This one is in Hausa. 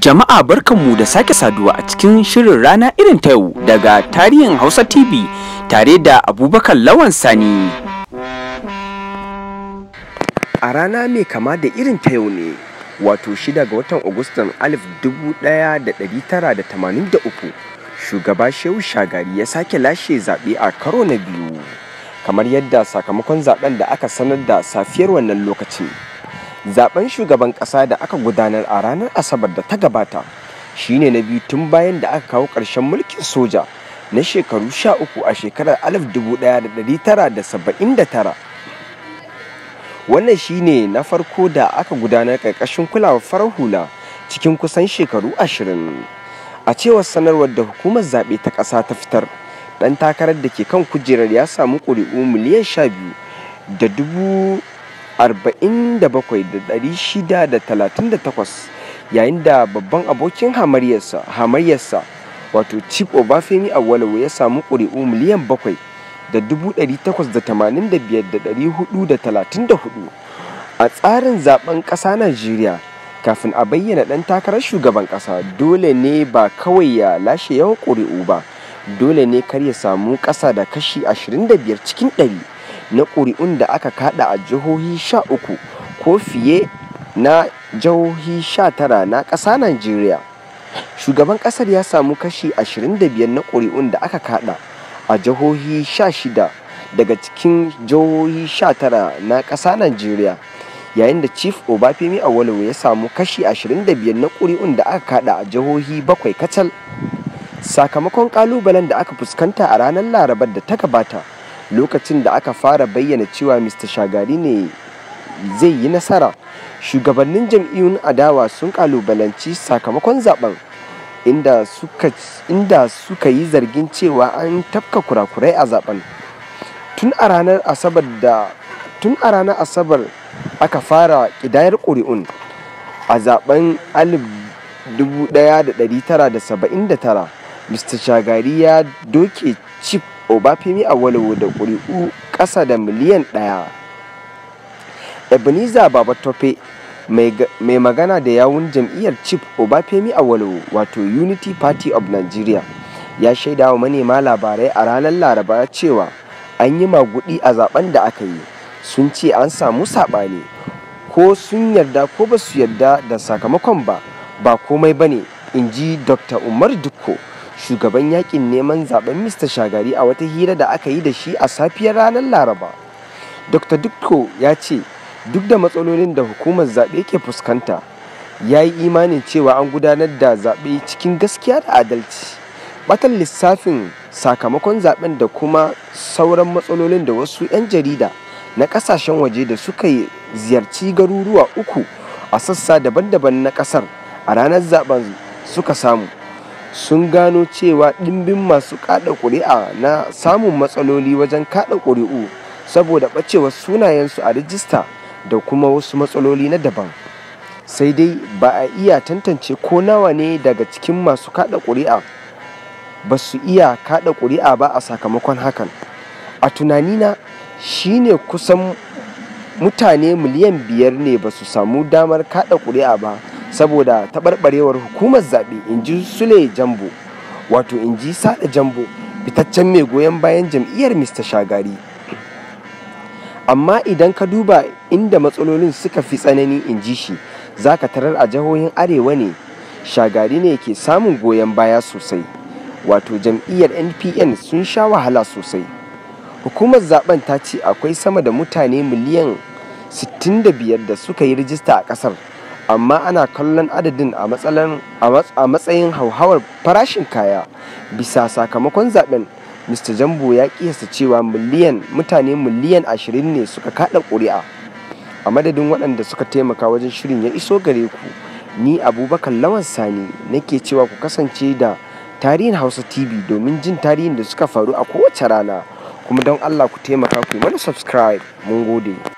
Jama'a barkanmu da sake saduwa a cikin shirin rana irin ta yau daga tarihin Hausa TV tare da Abubakar Lawan Sani. A rana mai kama da irin ta yau ne, wato shida ga watan Agustan 1983, shugaba Shehu Shagari ya sake lashe zaɓe a karo na biyu, kamar yadda sakamakon zaɓen da aka sanar da safiyar wannan lokacin. zaben shugaban kasa da aka gudanar a ranar asabar da ta gabata shine na biyu tun bayan da aka kawo ƙarshen mulkin soja na shekaru sha uku a shekarar 1979 wannan shine na farko da aka gudanar ƙarƙashin kulawar farar hula cikin kusan shekaru ashirin a cewar sanarwar da hukumar zaɓe ta ƙasa ta fitar ɗan takarar da ke kan kujerar ya samu ƙuri'u miliyan sha biyu da dubu 47,638 yayin da babban abokin hamaryarsa wato chief obafemi walawo ya samu ƙuri'u miliyan 7,885,434 da a tsarin zaben ƙasa najeriya kafin a bayyana ɗan takarar shugaban ƙasa dole ne ba kawai ya lashe yawan ƙuri'u ba dole ne kar ya samu ƙasa da kashi 25 cikin ɗari. na ƙuri'un da aka kaɗa a jihohi sha uku ko fiye na jihohi sha tara na ƙasa Najeriya. Shugaban ƙasar ya samu kashi 25 na ƙuri'un da aka kaɗa a jihohi sha shida daga cikin jihohi sha tara na ƙasa Najeriya. Yayin da Chief Obafemi Awolowo ya samu kashi 25 na ƙuri'un da aka kaɗa a jihohi bakwai kacal. Sakamakon ƙalubalen da aka fuskanta a ranar Larabar da ta gabata. lokacin da aka fara bayyana cewa mr shagari ne zai yi nasara shugabannin jam'iyyun adawa sun kalubalanci sakamakon zaben inda suka, yi zargin cewa an tafka kurakurai a zaben tun a ranar asabar tun a ranar asabar aka fara kidayar ƙuri'un a zaben 1979 mr shagari ya doke chip Obafemi a Awolowo da ƙuri'u ƙasa da miliyan ɗaya. Ebenezer Babatope mai magana da yawun jam'iyyar Chief Obafemi Awolowo wato Unity Party of Nigeria ya shaida wa manema labarai a ranar Laraba cewa an yi magudi a zaben da aka yi sun ce an samu saɓani ko sun yarda ko ba su yarda da sakamakon ba ba komai ba ne in ji Dr. Umar Dukko. shugaban yakin neman zaben mr shagari a wata hira da aka yi da shi a safiyar ranar laraba dr dukko ya ce duk da matsalolin da hukumar zaɓe ke fuskanta ya yi imanin cewa an gudanar da zaɓe cikin gaskiya da adalci batan lissafin sakamakon zaɓen da kuma sauran matsalolin da wasu 'yan jarida na ƙasashen waje da suka yi ziyarci garuruwa uku a sassa daban-daban na ƙasar, a ranar zaɓen suka samu sun gano cewa ɗimbin masu kada ƙuri'a na samun matsaloli wajen kada ƙuri'u saboda ɓacewar sunayensu a rijista da kuma wasu matsaloli na daban sai dai ba a iya tantance ko nawa ne daga cikin masu kada ƙuri'a ba su iya kada ƙuri'a ba a sakamakon hakan a tunanina shine kusan mutane miliyan biyar ne ba su samu damar kada ƙuri'a ba saboda taɓarɓarewar hukumar zaɓe in ji sule jambo wato in ji sada jambo fitaccen mai goyon bayan jam'iyyar mr shagari amma idan ka duba inda matsalolin suka fi tsanani in ji shi za ka tarar a jihohin arewa ne shagari ne ke samun goyon baya sosai wato jam'iyyar npn sun sha wahala sosai hukumar zaben ta ce akwai sama da mutane miliyan 65 da suka yi rijista a kasar amma ana kallon adadin a matsayin hauhawar farashin kaya bisa sakamakon zaben mr jambo ya kiyasta cewa miliyan mutane miliyan 20 ne suka kada ƙuri'a a madadin waɗanda suka taimaka wajen shirin ya iso gare ku ni abubakar lawan sani nake cewa ku kasance da tarihin hausa tv domin jin tarihin da suka faru a kowace rana kuma don allah ku taimaka ku yi mana subscribe mun gode